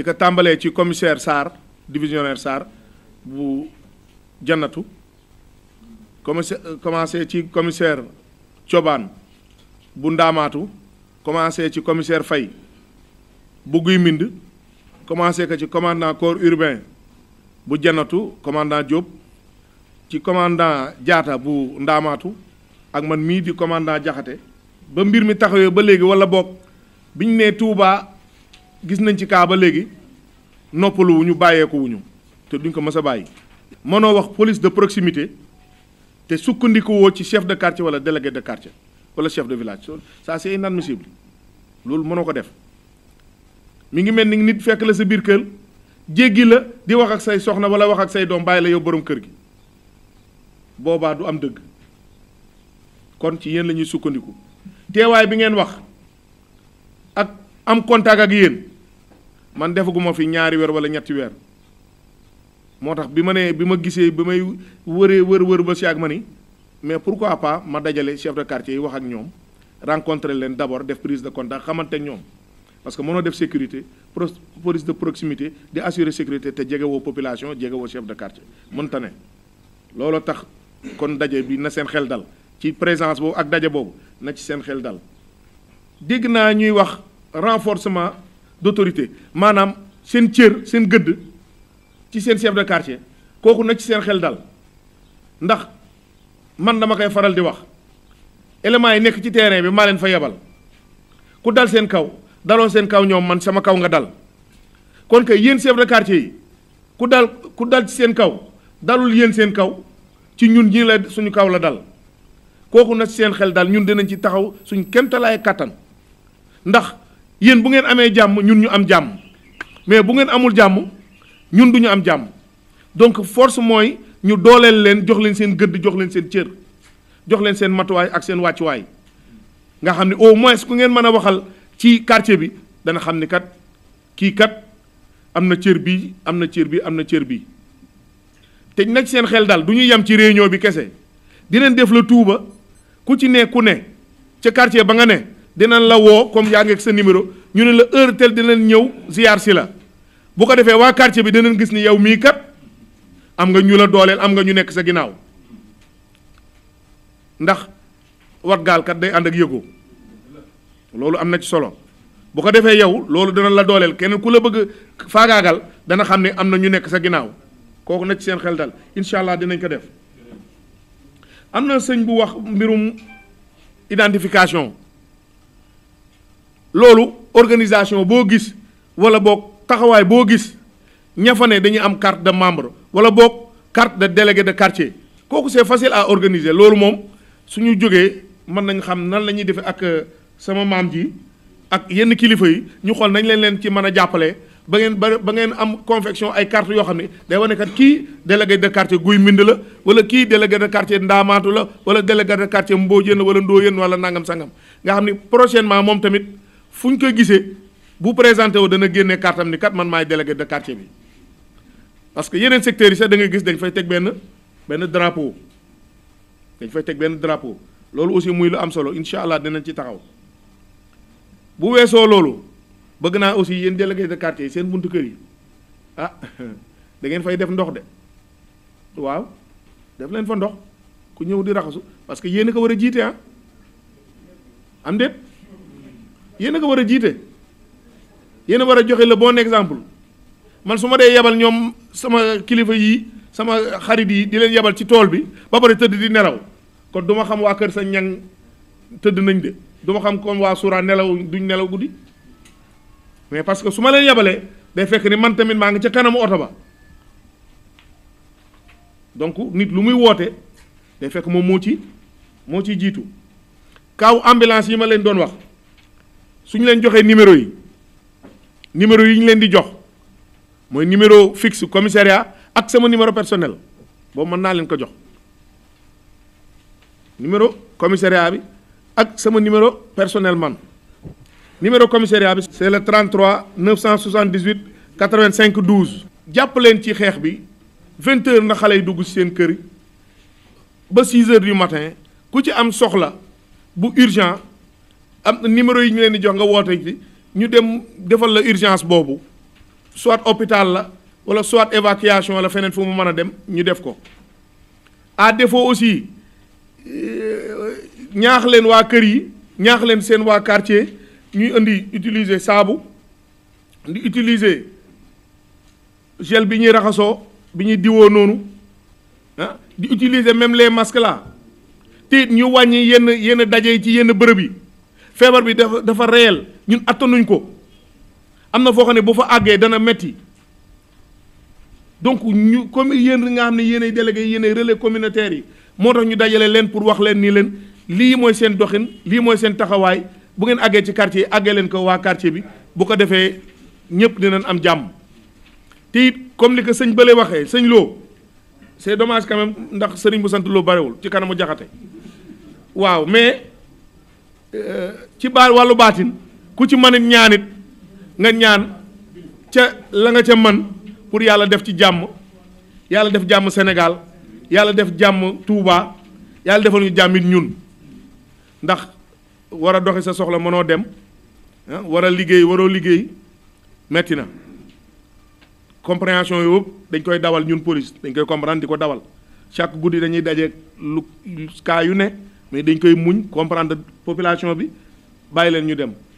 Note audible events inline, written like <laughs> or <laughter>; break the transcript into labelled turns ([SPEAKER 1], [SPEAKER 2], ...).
[SPEAKER 1] li ko tàmbalee ci commissaire saar divisionnaire Sarr bu janatu commissaire euh, commencé ci commissaire Cobaan bu ndaamaatu commencé ci commissaire Faye bu guy mbind commencé ko ci commandant corps urbain bu janatu commandant Diop ci commandant jaata bu ndaamaatu ak man mii di commandant Jaxate ba mbir mi taxawee ba léegi wala boog biñ nee Touba gis nañ ci kaa ba léegi noppalu wu ñu bàyyeeku wuñu te duñ ko mës a bàyyi. mënoo wax police de proximité te sukkandiku woo ci chef de quartier wala délégué de quartier wala chef de village so ça c'est inadmissible loolu mënoo ko def mu ngi mel ni nit fekk la sa biir kër jéggi la di wax ak say soxna wala wax ak say doom bàyyi la yow borom kër gi boobaa du am dëgg kon ci yéen la ñuy sukkandiku teewaay bi ngeen wax ak am contact ak yéen man defaguma fi ñaari weer wala ñetti weer moo tax bi ma nee bi ma gisee bi may wëree wër wër ba si ak ma ni mais pourquoi pas ma dajale chef de quartier yi wax ak ñoom rencontrer leen d'abord def prise de contact xamante ak ñoom parce que mënoo def sécurité police de proximité di assurer sécurité te jege population jege woo chef de quartier mënta ne looloo tax kon daje bi na seen xel dal ci présence boobu ak daje boobu na ci seen xel dal dégg naa d'autorité maanaam seen cër seen gëdd ci seen chef de quartier kooku na ci seen xel dal ndax man dama koy faral di wax éléments yi nekk ci terrain bi maa leen fa yebal ku dal seen kaw daloo seen kaw ñoom man sama kaw nga dal kon kay yéen chef de ku dal ku dal ci seen kaw dalul yéen seen kaw ci ñun ñii suñu kaw la dal kooku na ci seen xel dal ñun dinañ ci taxaw suñ kemtalaay kàttan ndax yéen bu ngeen amee jàmm ñun ñu am jàmm mais bu ngeen amul jàmm ñun du ñu am jàmm donc force mooy ñu dooleel leen jox leen seen gëdd jox leen seen cër jox leen seen matuwaay ak seen wàccuwaay nga xam ne au moins ku ngeen mën a waxal ci quartier bi dana xam ni kat kii kat am na cër bii am na cër bi am na cër bi te nag seen xel daal du ñu yem ci réunion bi kese di leen def la tuuba ku ci ne ku ne ca quartier ba nga ne dinañ la woo comme yaa ngi ak sa numéro ñu ne la heure tel dinañ ñëw ziar si la bu ko defee waa quartier bi dinañ gis ni yow mii kat am nga ñu la dooleel am nga ñu nekk sa ginnaaw ndax wat gaal kat day ànd ak yëgo loolu am na ci solo bu ko defee yow loolu dana la dooleel kenn ku la bëgg faagaagal dana xam ne am na ñu nekk sa ginnaaw kooku na ci seen xel dal incha allah dinañ ko def am na sëñ bu wax mbirum identification loolu organisation boo gis wala book taxawaay boo gis ña fa ne dañuy am carte de membre wala book carte de délégué de quartier kooku c'est facile à organiser loolu moom suñu jógee mën nañ xam nan la ñuy defee ak euh, sama maam ji ak yenn kilifa yi ñu xool nañ leen leen ci mën a jàppale ba ngeen ba ba ngeen am confection ay carte yoo xam ne day wane kat kii délégué de quartier guy mbind la wala kii délégué de quartier ndaamaatu la wala délégué de quartier mbóojeen la wala ndóoyeen wala nangam sangam nga xam ni prochainement moom tamit fu ñu koy gisee bu présenté woo dana génne kartam ni man maay délégué de quartier bi parce que yeneen secteurs yi sax da ngay gis dañ fay teg benn benn drapeau dañ fay teg benn drapeau loolu aussi muy lu am solo incha allah dinañ ci taxaw bu weesoo loolu bëgg naa aussi yéen délégué de quartier yi seen buntu kër yi ah <laughs> da ngeen fay def ndox de waaw def leen fa ndox ku ñëw di raxasu parce que yéen a ko war a jiite ah am déet yéen a ko war a jiite yéen a war a joxe la bon exemple man su ma dee yabal ñoom sama kilifa yi sama xarit yi di leen yabal ci tool bi ba pare tëdd di nelaw kon du ma xam waa kër sa ñaŋ tëdd nañ de du xam comme waa suura nelaw duñ nelaw guddi mais parce que su ma leen yabalee day fekk ni man tamit maa ngi ca kanamu oto ba donc nit lu muy woote day fekk moom moo ci moo ciy jiitu kaw ambulance yi ma leen doon wax suñu leen joxee numéro yi numéro yi ñu leen di jox mooy numéro fixe commissaria ak sama numéro personnel boobu mën naa leen ko jox numéro commissariat bi ak sama numéro personnel man numéro commissariat bi c'est le 33 978 85 12 jàpp leen ci xeex bi vingt heures na xale yi dugg ci seen kër ba six heures du matin ku ci am soxla bu urgent am numéro yi ñu leen di jox nga woote ci ñu dem defal la urgence boobu soit hôpital la wala soit évacuation la feneen fu mu mën a dem ñu def ko à défaut aussi euh, ñaax leen waa kër yi ñaax leen seen waa quartier ñuy indi utiliser saabu di utiliser gel bi ñuy raxasoo bi ñuy diwoo noonu ah di utiliser même les masques là te ñu wàññi yenn yenn daje yi ci yenn bërëb yi. feebar bi dafa dafa réel ñun attanuñ ko am na foo xam ne bu fa àggee dana metti donc ñu comme yéen nga xam ne yéenay délégué yéenay relais communautaire yi moo tax ñu dajale leen pour wax leen nii leen lii mooy seen doxin lii mooy seen taxawaay bu ngeen àggee ci quartier yi àggee leen ko waa quartier bi bu ko defee ñëpp dinañ am jàmm te it comme li ko sëñ Bële waxee sëñ Lo c'est dommage quand ndax sëriñ bu sant Lo barewul ci kanamu jaxate waaw ci baa wàllu baatin ku ci mën it ñaanit nga ñaan ca la nga ca man pour yàlla def ci jàmm yàlla def jàmm Sénégal yàlla def jàmm Touba yàlla defal ñu jàmm ñun ndax war a doxi sa soxla mënoo dem ah, war a liggéey waroo liggéey metti na compréhension yooyu dañ koy dawal ñun police dañ koy comprendre di ko dawal chaque guddi dañuy daje lu cas yu ne mais dañ koy muñ comprendre population bi bàyyi leen ñu dem